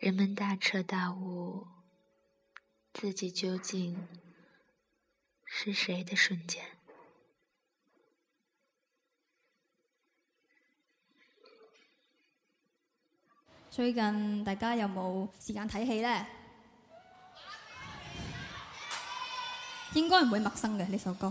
人們大徹大悟，自己究竟是誰的瞬間？最近大家有冇時間睇戲呢？應該唔會陌生嘅呢首歌。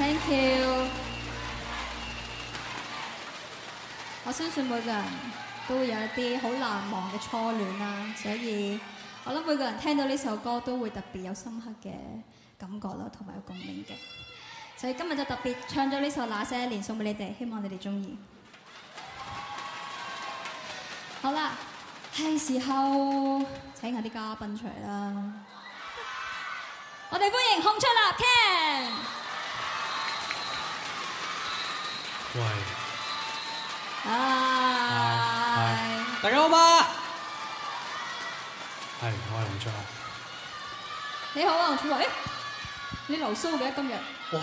Thank you。我相信每個人都會有一啲好難忘嘅初戀啦，所以我諗每個人聽到呢首歌都會特別有深刻嘅感覺啦，同埋有共鳴嘅。所以今日就特別唱咗呢首《那些年》送俾你哋，希望你哋中意。好啦，係時候請下啲嘉賓出嚟啦。我哋歡迎紅出啦，Ken。喂，唉，大家好嘛？係我係王卓啊。你好啊王卓，誒，你留須嘅今日。